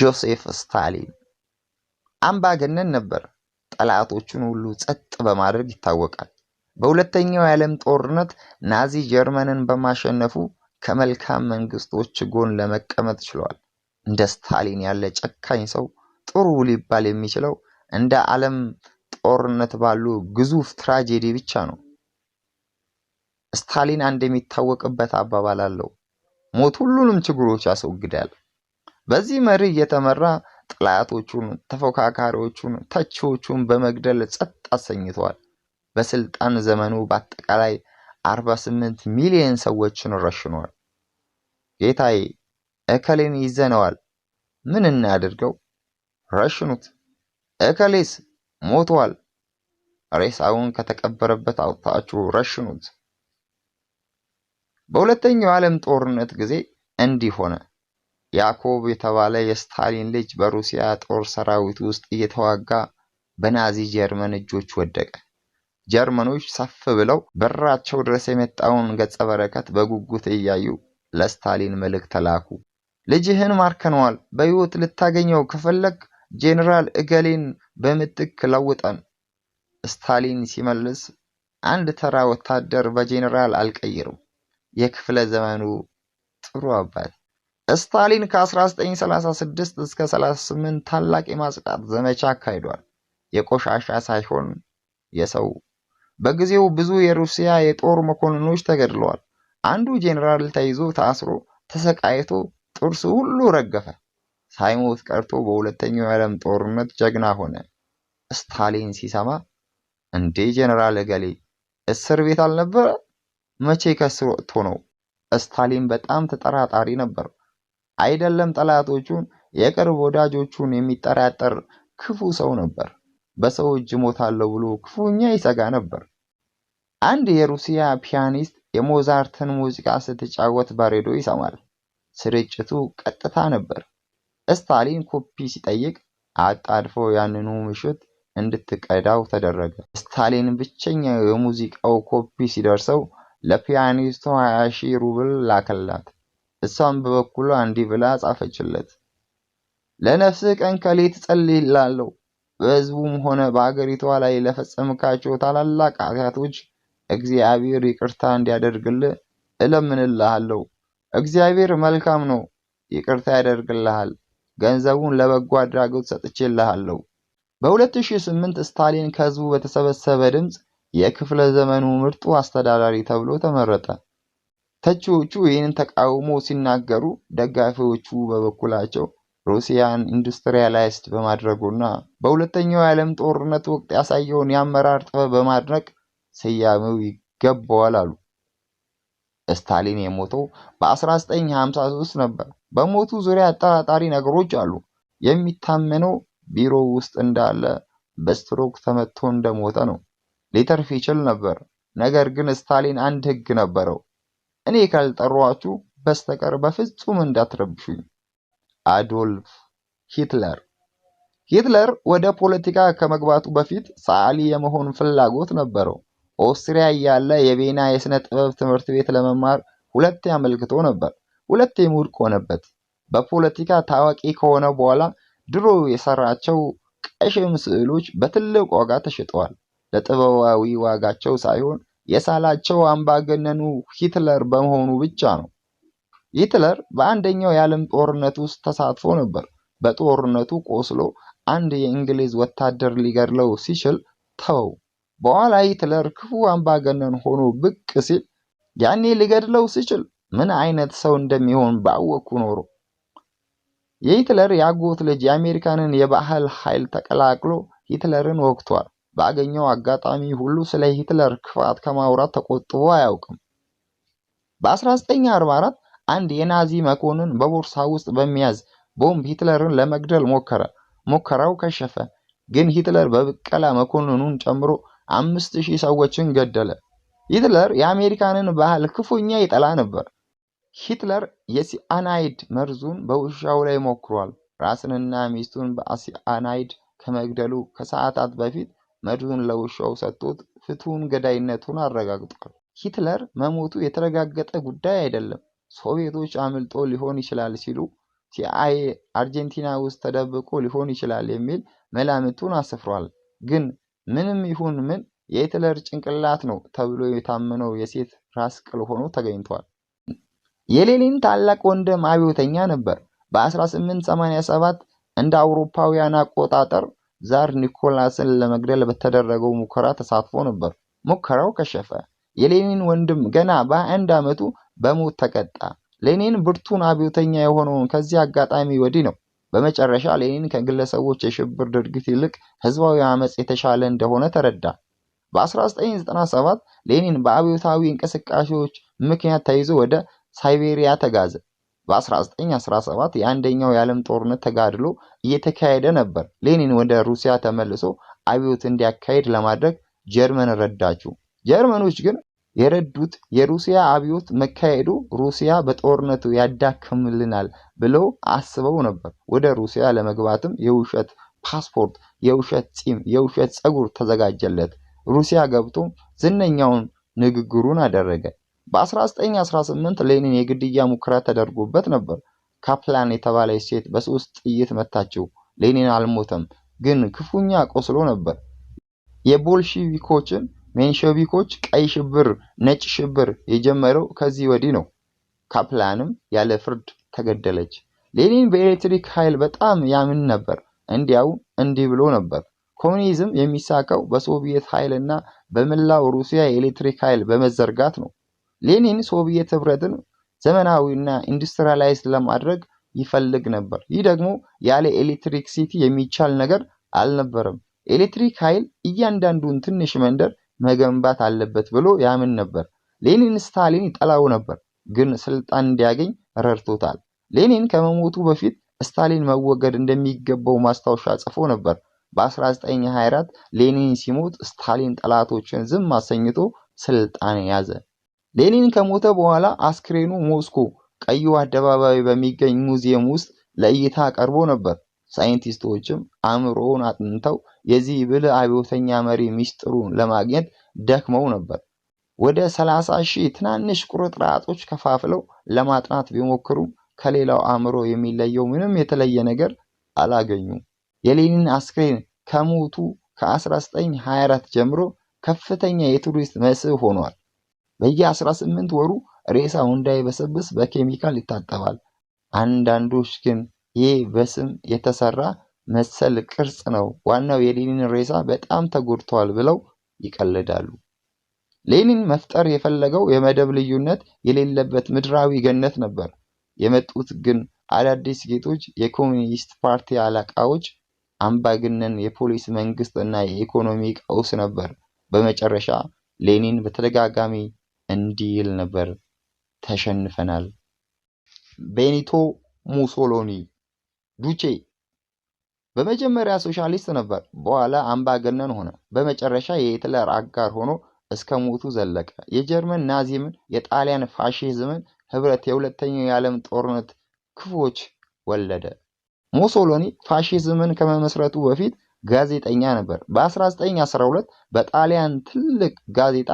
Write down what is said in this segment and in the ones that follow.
ጆሴፍ ስታሊን አምባገነን ነበር። ጠላቶቹን ሁሉ ጸጥ በማድረግ ይታወቃል። በሁለተኛው የዓለም ጦርነት ናዚ ጀርመንን በማሸነፉ ከመልካም መንግስቶች ጎን ለመቀመጥ ችሏል። እንደ ስታሊን ያለ ጨካኝ ሰው ጥሩ ሊባል የሚችለው እንደ ዓለም ጦርነት ባሉ ግዙፍ ትራጄዲ ብቻ ነው። ስታሊን አንድ የሚታወቅበት አባባል አለው፣ ሞት ሁሉንም ችግሮች ያስወግዳል። በዚህ መሪ እየተመራ ጠላቶቹን፣ ተፎካካሪዎቹን፣ ተቺዎቹን በመግደል ጸጥ አሰኝቷል። በስልጣን ዘመኑ በአጠቃላይ 48 ሚሊዮን ሰዎችን ረሽኗል። ጌታዬ እከሌን ይዘነዋል፣ ምን እናድርገው? ረሽኑት። እከሌስ ሞቷል፣ ሬሳውን ከተቀበረበት አውጥታችሁ ረሽኑት። በሁለተኛው ዓለም ጦርነት ጊዜ እንዲህ ሆነ። ያዕቆብ የተባለ የስታሊን ልጅ በሩሲያ ጦር ሰራዊት ውስጥ እየተዋጋ በናዚ ጀርመን እጆች ወደቀ። ጀርመኖች ሰፍ ብለው በራቸው ድረስ የመጣውን ገጸ በረከት በጉጉት እያዩ ለስታሊን መልእክት ላኩ። ልጅህን ማርከነዋል። በሕይወት ልታገኘው ከፈለግ ጄኔራል እገሌን በምትክ ለውጠን። ስታሊን ሲመልስ አንድ ተራ ወታደር በጄኔራል አልቀይርም። የክፍለ ዘመኑ ጥሩ አባት ስታሊን ከ1936 እስከ 38 ታላቅ የማጽዳት ዘመቻ አካሂዷል። የቆሻሻ ሳይሆን የሰው። በጊዜው ብዙ የሩሲያ የጦር መኮንኖች ተገድለዋል። አንዱ ጄኔራል ተይዞ ታስሮ ተሰቃይቶ ጥርሱ ሁሉ ረገፈ። ሳይሞት ቀርቶ በሁለተኛው የዓለም ጦርነት ጀግና ሆነ። ስታሊን ሲሰማ እንዴ ጄኔራል እገሌ እስር ቤት አልነበረ? መቼ ከስር ወጥቶ ነው? ስታሊን በጣም ተጠራጣሪ ነበር። አይደለም ጠላቶቹን የቅርብ ወዳጆቹን የሚጠራጠር ክፉ ሰው ነበር። በሰው እጅ ሞታለሁ ብሎ ክፉኛ ይሰጋ ነበር። አንድ የሩሲያ ፒያኒስት የሞዛርትን ሙዚቃ ስትጫወት በሬዲዮ ይሰማል። ስርጭቱ ቀጥታ ነበር። ስታሊን ኮፒ ሲጠይቅ አጣድፎ ያንኑ ምሽት እንድትቀዳው ተደረገ። ስታሊን ብቸኛው የሙዚቃው ኮፒ ሲደርሰው ለፒያኒስቱ 20 ሺህ ሩብል ላከላት። እሷም በበኩሏ እንዲህ ብላ ጻፈችለት። ለነፍስህ ቀን ከሌት ጸልይላለሁ። በሕዝቡም ሆነ በአገሪቷ ላይ ለፈጸምካቸው ታላላቅ ኃጢአቶች እግዚአብሔር ይቅርታ እንዲያደርግልህ እለምንልሃለሁ። እግዚአብሔር መልካም ነው፣ ይቅርታ ያደርግልሃል። ገንዘቡን ለበጎ አድራጎት ሰጥቼልሃለሁ። በ2008 ስታሊን ከህዝቡ በተሰበሰበ ድምፅ የክፍለ ዘመኑ ምርጡ አስተዳዳሪ ተብሎ ተመረጠ። ተቺዎቹ ይህንን ተቃውሞ ሲናገሩ፣ ደጋፊዎቹ በበኩላቸው ሩሲያን ኢንዱስትሪያላይዝድ በማድረጉና በሁለተኛው የዓለም ጦርነት ወቅት ያሳየውን የአመራር ጥበብ በማድነቅ ስያሜው ይገባዋል አሉ። ስታሊን የሞተው በ1953 ነበር። በሞቱ ዙሪያ አጠራጣሪ ነገሮች አሉ። የሚታመነው ቢሮ ውስጥ እንዳለ በስትሮክ ተመትቶ እንደሞተ ነው። ሊተርፍ ይችል ነበር፣ ነገር ግን ስታሊን አንድ ሕግ ነበረው። እኔ ካልጠሯችሁ በስተቀር በፍጹም እንዳትረብሹኝ። አዶልፍ ሂትለር ሂትለር ወደ ፖለቲካ ከመግባቱ በፊት ሰዓሊ የመሆን ፍላጎት ነበረው። ኦስትሪያ እያለ የቬና የሥነ ጥበብ ትምህርት ቤት ለመማር ሁለቴ አመልክቶ ነበር፣ ሁለቴ ውድቅ ሆነበት። በፖለቲካ ታዋቂ ከሆነ በኋላ ድሮ የሰራቸው ቀሽም ስዕሎች በትልቅ ዋጋ ተሽጠዋል። ለጥበባዊ ዋጋቸው ሳይሆን የሳላቸው አምባገነኑ ሂትለር በመሆኑ ብቻ ነው። ሂትለር በአንደኛው የዓለም ጦርነት ውስጥ ተሳትፎ ነበር። በጦርነቱ ቆስሎ አንድ የእንግሊዝ ወታደር ሊገድለው ሲችል ተወው። በኋላ ሂትለር ክፉ አምባገነን ሆኖ ብቅ ሲል ያኔ ሊገድለው ሲችል ምን አይነት ሰው እንደሚሆን ባወቅኩ ኖሮ። የሂትለር ያጎት ልጅ የአሜሪካንን የባህል ኃይል ተቀላቅሎ ሂትለርን ወግቷል። ባገኘው አጋጣሚ ሁሉ ስለ ሂትለር ክፋት ከማውራት ተቆጥቦ አያውቅም። በ1944 አንድ የናዚ መኮንን በቦርሳ ውስጥ በሚያዝ ቦምብ ሂትለርን ለመግደል ሞከረ። ሙከራው ከሸፈ፣ ግን ሂትለር በብቀላ መኮንኑን ጨምሮ አምስት ሺህ ሰዎችን ገደለ። ሂትለር የአሜሪካንን ባህል ክፉኛ ይጠላ ነበር። ሂትለር የሲአናይድ መርዙን በውሻው ላይ ሞክሯል። ራስንና ሚስቱን በሲአናይድ ከመግደሉ ከሰዓታት በፊት መድብን ለውሻው ሰጥቶት ፍትሁን ገዳይነቱን አረጋግጧል። ሂትለር መሞቱ የተረጋገጠ ጉዳይ አይደለም፣ ሶቪየቶች አምልጦ ሊሆን ይችላል ሲሉ ሲአይኤ አርጀንቲና ውስጥ ተደብቆ ሊሆን ይችላል የሚል መላምቱን አስፍሯል። ግን ምንም ይሁን ምን የሂትለር ጭንቅላት ነው ተብሎ የታመነው የሴት ራስ ቅል ሆኖ ተገኝቷል። የሌኒን ታላቅ ወንድም አብዮተኛ ነበር። በ1887 እንደ አውሮፓውያን አቆጣጠር ዛር ኒኮላስን ለመግደል በተደረገው ሙከራ ተሳትፎ ነበር። ሙከራው ከሸፈ። የሌኒን ወንድም ገና በ ዓመቱ በሞት ተቀጣ። ሌኒን ብርቱን አብዮተኛ የሆነውን ከዚህ አጋጣሚ ወዲህ ነው። በመጨረሻ ሌኒን ከግለሰቦች የሽብር ድርጊት ይልቅ ህዝባዊ አመጽ የተሻለ እንደሆነ ተረዳ። በ1997 ሌኒን በአብዮታዊ እንቅስቃሴዎች ምክንያት ተይዞ ወደ ሳይቤሪያ ተጋዘ። በ1917 የአንደኛው የዓለም ጦርነት ተጋድሎ እየተካሄደ ነበር። ሌኒን ወደ ሩሲያ ተመልሶ አብዮት እንዲያካሄድ ለማድረግ ጀርመን ረዳችው። ጀርመኖች ግን የረዱት የሩሲያ አብዮት መካሄዱ ሩሲያ በጦርነቱ ያዳክምልናል ብለው አስበው ነበር። ወደ ሩሲያ ለመግባትም የውሸት ፓስፖርት፣ የውሸት ፂም፣ የውሸት ፀጉር ተዘጋጀለት። ሩሲያ ገብቶም ዝነኛውን ንግግሩን አደረገ። በ1918 ሌኒን የግድያ ሙከራ ተደርጎበት ነበር። ካፕላን የተባለች ሴት በሶስት ጥይት መታችው። ሌኒን አልሞተም፣ ግን ክፉኛ ቆስሎ ነበር። የቦልሺቪኮችን ሜንሸቪኮች ቀይ ሽብር፣ ነጭ ሽብር የጀመረው ከዚህ ወዲህ ነው። ካፕላንም ያለ ፍርድ ተገደለች። ሌኒን በኤሌክትሪክ ኃይል በጣም ያምን ነበር። እንዲያው እንዲህ ብሎ ነበር፣ ኮሚኒዝም የሚሳካው በሶቪየት ኃይልና በመላው ሩሲያ የኤሌክትሪክ ኃይል በመዘርጋት ነው። ሌኒን ሶቪየት ህብረትን ዘመናዊና ኢንዱስትሪያላይዝድ ለማድረግ ይፈልግ ነበር። ይህ ደግሞ ያለ ኤሌክትሪክ ሲቲ የሚቻል ነገር አልነበረም። ኤሌክትሪክ ኃይል እያንዳንዱን ትንሽ መንደር መገንባት አለበት ብሎ ያምን ነበር። ሌኒን ስታሊን ይጠላው ነበር፣ ግን ስልጣን እንዲያገኝ ረድቶታል። ሌኒን ከመሞቱ በፊት ስታሊን መወገድ እንደሚገባው ማስታወሻ ጽፎ ነበር። በ1924 ሌኒን ሲሞት ስታሊን ጠላቶችን ዝም አሰኝቶ ስልጣን ያዘ። ሌኒን ከሞተ በኋላ አስክሬኑ ሞስኮ ቀዩ አደባባይ በሚገኝ ሙዚየም ውስጥ ለእይታ ቀርቦ ነበር። ሳይንቲስቶችም አእምሮውን አጥንተው የዚህ ብልህ አብዮተኛ መሪ ምስጢሩን ለማግኘት ደክመው ነበር። ወደ 30 ሺህ ትናንሽ ቁርጥራጦች ከፋፍለው ለማጥናት ቢሞክሩም ከሌላው አእምሮ የሚለየው ምንም የተለየ ነገር አላገኙም። የሌኒን አስክሬን ከሞቱ ከ1924 ጀምሮ ከፍተኛ የቱሪስት መስህብ ሆኗል። በየ በየ18 ወሩ ሬሳው እንዳይበሰብስ በኬሚካል ይታጠባል። አንዳንዶች ግን ይህ በስም የተሰራ መሰል ቅርጽ ነው፣ ዋናው የሌኒን ሬሳ በጣም ተጎድቷል ብለው ይቀልዳሉ። ሌኒን መፍጠር የፈለገው የመደብ ልዩነት የሌለበት ምድራዊ ገነት ነበር። የመጡት ግን አዳዲስ ጌጦች፣ የኮሚኒስት ፓርቲ አለቃዎች፣ አምባገነን የፖሊስ መንግስት እና የኢኮኖሚ ቀውስ ነበር። በመጨረሻ ሌኒን በተደጋጋሚ እንዲህ ይል ነበር ተሸንፈናል ቤኒቶ ሙሶሎኒ ዱቼ በመጀመሪያ ሶሻሊስት ነበር። በኋላ አምባገነን ሆነ። በመጨረሻ የሂትለር አጋር ሆኖ እስከ ሞቱ ዘለቀ። የጀርመን ናዚምን፣ የጣሊያን ፋሽዝምን ህብረት የሁለተኛው የዓለም ጦርነት ክፎች ወለደ። ሙሶሎኒ ፋሺዝምን ከመመስረቱ በፊት ጋዜጠኛ ነበር። በ1912 በጣሊያን ትልቅ ጋዜጣ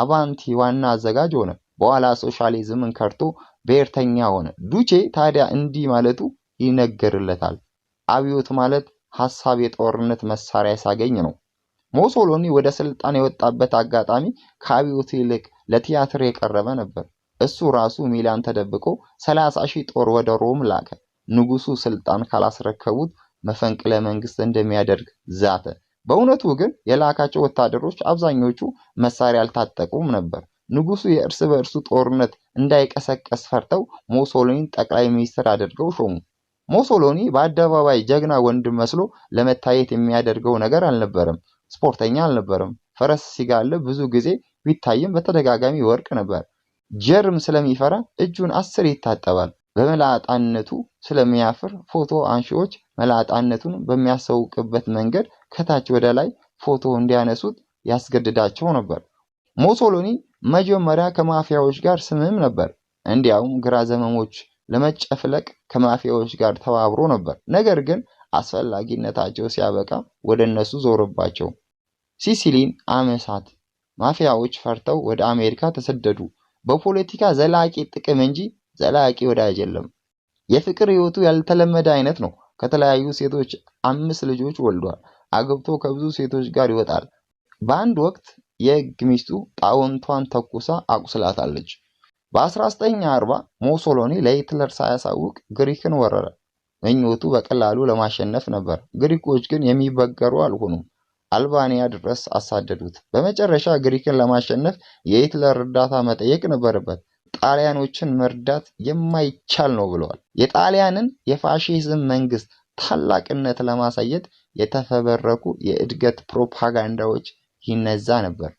አቫንቲ ዋና አዘጋጅ ሆነ። በኋላ ሶሻሊዝምን ከርቶ ብሔርተኛ ሆነ። ዱቼ ታዲያ እንዲህ ማለቱ ይነገርለታል። አብዮት ማለት ሐሳብ የጦርነት መሳሪያ ሳገኝ ነው። ሞሶሎኒ ወደ ስልጣን የወጣበት አጋጣሚ ከአብዮት ይልቅ ለቲያትር የቀረበ ነበር። እሱ ራሱ ሚላን ተደብቆ 30 ሺህ ጦር ወደ ሮም ላከ። ንጉሱ ስልጣን ካላስረከቡት መፈንቅለ መንግስት እንደሚያደርግ ዛተ። በእውነቱ ግን የላካቸው ወታደሮች አብዛኞቹ መሳሪያ አልታጠቁም ነበር። ንጉሱ የእርስ በእርሱ ጦርነት እንዳይቀሰቀስ ፈርተው ሞሶሎኒን ጠቅላይ ሚኒስትር አድርገው ሾሙ። ሞሶሎኒ በአደባባይ ጀግና ወንድም መስሎ ለመታየት የሚያደርገው ነገር አልነበረም። ስፖርተኛ አልነበረም። ፈረስ ሲጋለ ብዙ ጊዜ ቢታይም በተደጋጋሚ ወርቅ ነበር። ጀርም ስለሚፈራ እጁን አስር ይታጠባል። በመላጣነቱ ስለሚያፍር ፎቶ አንሺዎች መላጣነቱን በሚያሳውቅበት መንገድ ከታች ወደ ላይ ፎቶ እንዲያነሱት ያስገድዳቸው ነበር። ሞሶሎኒ መጀመሪያ ከማፊያዎች ጋር ስምም ነበር። እንዲያውም ግራ ዘመሞች ለመጨፍለቅ ከማፊያዎች ጋር ተባብሮ ነበር። ነገር ግን አስፈላጊነታቸው ሲያበቃ ወደ እነሱ ዞረባቸው። ሲሲሊን አመሳት። ማፊያዎች ፈርተው ወደ አሜሪካ ተሰደዱ። በፖለቲካ ዘላቂ ጥቅም እንጂ ዘላቂ ወዳጅ የለም። የፍቅር ህይወቱ ያልተለመደ አይነት ነው። ከተለያዩ ሴቶች አምስት ልጆች ወልዷል። አግብቶ ከብዙ ሴቶች ጋር ይወጣል። በአንድ ወቅት የሕግ ሚስቱ ጣውንቷን ተኩሳ አቁስላታለች። በ1940 ሞሶሎኒ ለሂትለር ሳያሳውቅ ግሪክን ወረረ። ምኞቱ በቀላሉ ለማሸነፍ ነበር። ግሪኮች ግን የሚበገሩ አልሆኑም። አልባኒያ ድረስ አሳደዱት። በመጨረሻ ግሪክን ለማሸነፍ የሂትለር እርዳታ መጠየቅ ነበረበት። ጣሊያኖችን መርዳት የማይቻል ነው ብለዋል። የጣሊያንን የፋሺዝም መንግስት ታላቅነት ለማሳየት የተፈበረኩ የእድገት ፕሮፓጋንዳዎች ይነዛ ነበር።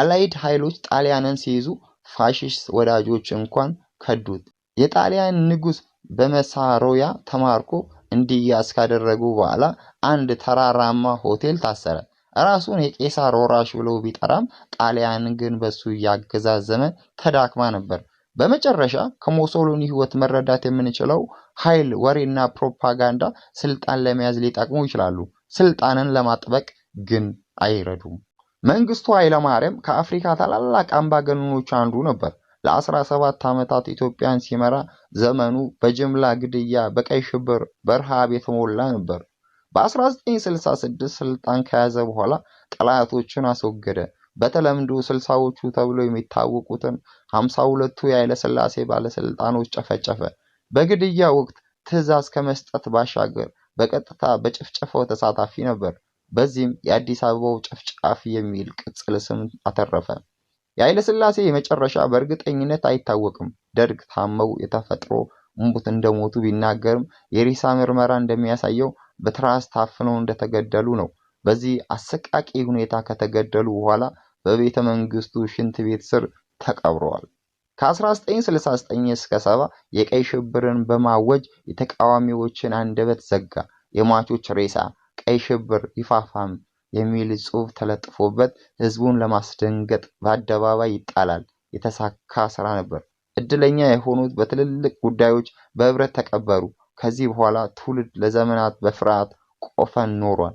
አላይድ ኃይሎች ጣሊያንን ሲይዙ ፋሺስት ወዳጆች እንኳን ከዱት። የጣሊያን ንጉሥ በመሳሮያ ተማርኮ እንዲያዝ ካደረጉ በኋላ አንድ ተራራማ ሆቴል ታሰረ። ራሱን የቄሳር ወራሽ ብሎ ቢጠራም ጣሊያን ግን በሱ እያገዛ ዘመን ተዳክማ ነበር። በመጨረሻ ከሞሶሎኒ ሕይወት መረዳት የምንችለው ኃይል፣ ወሬና ፕሮፓጋንዳ ስልጣን ለመያዝ ሊጠቅሙ ይችላሉ፤ ስልጣንን ለማጥበቅ ግን አይረዱም። መንግስቱ ኃይለማርያም ከአፍሪካ ታላላቅ አምባገነኖች አንዱ ነበር። ለ17 ዓመታት ኢትዮጵያን ሲመራ ዘመኑ በጅምላ ግድያ፣ በቀይ ሽብር፣ በረሃብ የተሞላ ነበር። በ1966 ስልጣን ከያዘ በኋላ ጠላቶችን አስወገደ። በተለምዶ ስልሳዎቹ ተብሎ የሚታወቁትን 52ቱ የኃይለሥላሴ ባለሥልጣኖች ጨፈጨፈ። በግድያ ወቅት ትዕዛዝ ከመስጠት ባሻገር በቀጥታ በጭፍጨፋው ተሳታፊ ነበር። በዚህም የአዲስ አበባው ጨፍጫፊ የሚል ቅጽል ስም አተረፈ። የኃይለሥላሴ የመጨረሻ በእርግጠኝነት አይታወቅም። ደርግ ታመው የተፈጥሮ እንቡት እንደሞቱ ቢናገርም የሬሳ ምርመራ እንደሚያሳየው በትራስ ታፍነው እንደተገደሉ ነው። በዚህ አሰቃቂ ሁኔታ ከተገደሉ በኋላ በቤተ መንግስቱ ሽንት ቤት ስር ተቀብረዋል። ከ1969 እስከ 70 የቀይ ሽብርን በማወጅ የተቃዋሚዎችን አንደበት ዘጋ። የሟቾች ሬሳ ቀይ ሽብር ይፋፋም የሚል ጽሑፍ ተለጥፎበት ህዝቡን ለማስደንገጥ በአደባባይ ይጣላል። የተሳካ ስራ ነበር። እድለኛ የሆኑት በትልልቅ ጉዳዮች በህብረት ተቀበሩ። ከዚህ በኋላ ትውልድ ለዘመናት በፍርሃት ቆፈን ኖሯል።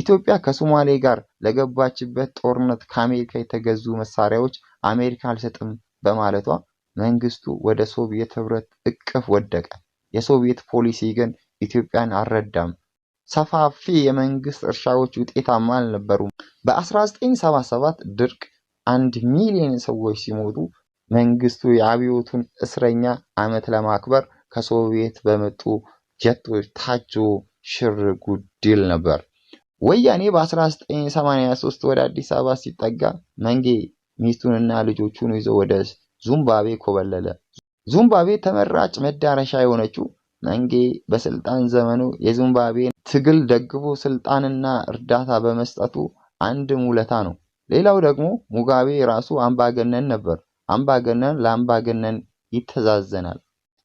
ኢትዮጵያ ከሶማሌ ጋር ለገባችበት ጦርነት ከአሜሪካ የተገዙ መሳሪያዎች አሜሪካ አልሰጥም በማለቷ መንግስቱ ወደ ሶቪየት ህብረት እቅፍ ወደቀ። የሶቪየት ፖሊሲ ግን ኢትዮጵያን አልረዳም። ሰፋፊ የመንግስት እርሻዎች ውጤታማ አልነበሩም። በ1977 ድርቅ አንድ ሚሊዮን ሰዎች ሲሞቱ መንግስቱ የአብዮቱን እስረኛ ዓመት ለማክበር ከሶቪየት በመጡ ጀቶች ታጅ ሽር ጉድል ነበር። ወያኔ በ1983 ወደ አዲስ አበባ ሲጠጋ መንጌ ሚስቱንና ልጆቹን ይዞ ወደ ዙምባቤ ኮበለለ። ዙምባቤ ተመራጭ መዳረሻ የሆነችው መንጌ በስልጣን ዘመኑ የዚምባብዌን ትግል ደግፎ ስልጣንና እርዳታ በመስጠቱ አንድ ውለታ ነው። ሌላው ደግሞ ሙጋቤ ራሱ አምባገነን ነበር። አምባገነን ለአምባገነን ይተዛዘናል።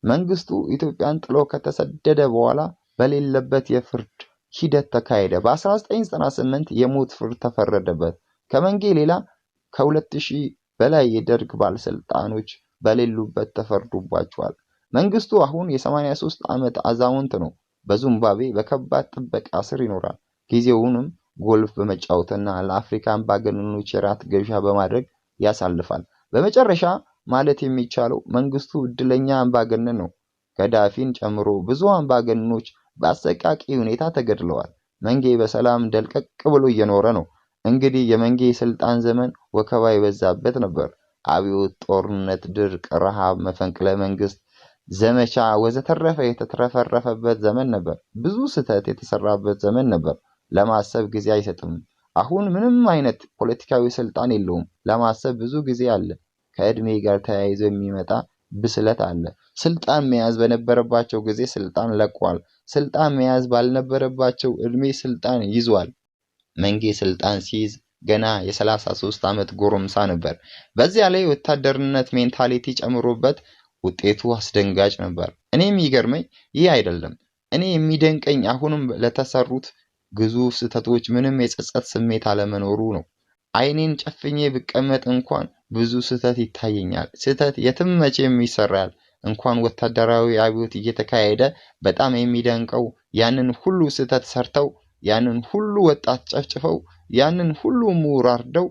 መንግስቱ ኢትዮጵያን ጥሎ ከተሰደደ በኋላ በሌለበት የፍርድ ሂደት ተካሄደ። በ1998 የሞት ፍርድ ተፈረደበት። ከመንጌ ሌላ ከ2000 በላይ የደርግ ባለስልጣኖች በሌሉበት ተፈርዶባቸዋል። መንግስቱ አሁን የ83 ዓመት አዛውንት ነው። በዚምባብዌ በከባድ ጥበቃ ስር ይኖራል። ጊዜውንም ጎልፍ በመጫወትና ለአፍሪካ አምባገነኖች የራት ግብዣ በማድረግ ያሳልፋል። በመጨረሻ ማለት የሚቻለው መንግስቱ እድለኛ አምባገነን ነው። ገዳፊን ጨምሮ ብዙ አምባገነኖች በአሰቃቂ ሁኔታ ተገድለዋል። መንጌ በሰላም ደልቀቅ ብሎ እየኖረ ነው። እንግዲህ የመንጌ የስልጣን ዘመን ወከባ የበዛበት ነበር። አብዮት፣ ጦርነት፣ ድርቅ፣ ረሃብ፣ መፈንቅለ መንግስት ዘመቻ ወዘተረፈ የተትረፈረፈበት ዘመን ነበር። ብዙ ስህተት የተሰራበት ዘመን ነበር። ለማሰብ ጊዜ አይሰጥም። አሁን ምንም አይነት ፖለቲካዊ ስልጣን የለውም። ለማሰብ ብዙ ጊዜ አለ። ከእድሜ ጋር ተያይዞ የሚመጣ ብስለት አለ። ስልጣን መያዝ በነበረባቸው ጊዜ ስልጣን ለቋል። ስልጣን መያዝ ባልነበረባቸው እድሜ ስልጣን ይዟል። መንጌ ስልጣን ሲይዝ ገና የ33 ዓመት ጎረምሳ ነበር። በዚያ ላይ ወታደርነት ሜንታሊቲ ጨምሮበት ውጤቱ አስደንጋጭ ነበር። እኔ የሚገርመኝ ይህ አይደለም። እኔ የሚደንቀኝ አሁንም ለተሰሩት ግዙፍ ስህተቶች ምንም የጸጸት ስሜት አለመኖሩ ነው። አይኔን ጨፍኜ ብቀመጥ እንኳን ብዙ ስህተት ይታየኛል። ስህተት የትም መቼም ይሰራል። እንኳን ወታደራዊ አብዮት እየተካሄደ በጣም የሚደንቀው ያንን ሁሉ ስህተት ሰርተው፣ ያንን ሁሉ ወጣት ጨፍጭፈው፣ ያንን ሁሉ ምሁር አርደው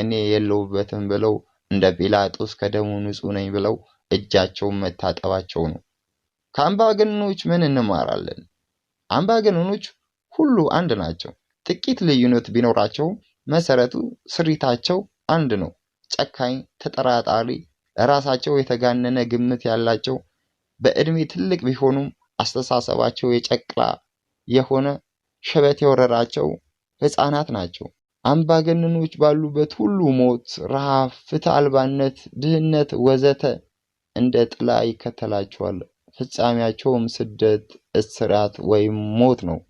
እኔ የለውበትም ብለው እንደ ጲላጦስ ከደሙ ንጹሕ ነኝ ብለው እጃቸውን መታጠባቸው ነው። ከአምባገነኖች ምን እንማራለን? አምባገነኖች ሁሉ አንድ ናቸው። ጥቂት ልዩነት ቢኖራቸውም መሰረቱ ስሪታቸው አንድ ነው። ጨካኝ፣ ተጠራጣሪ፣ ለራሳቸው የተጋነነ ግምት ያላቸው በእድሜ ትልቅ ቢሆኑም አስተሳሰባቸው የጨቅላ የሆነ ሸበት የወረራቸው ሕፃናት ናቸው። አምባገነኖች ባሉበት ሁሉ ሞት፣ ረሃብ፣ ፍትህ አልባነት፣ ድህነት ወዘተ እንደ ጥላ ይከተላቸዋል። ፍጻሜያቸውም ስደት፣ እስራት ወይም ሞት ነው።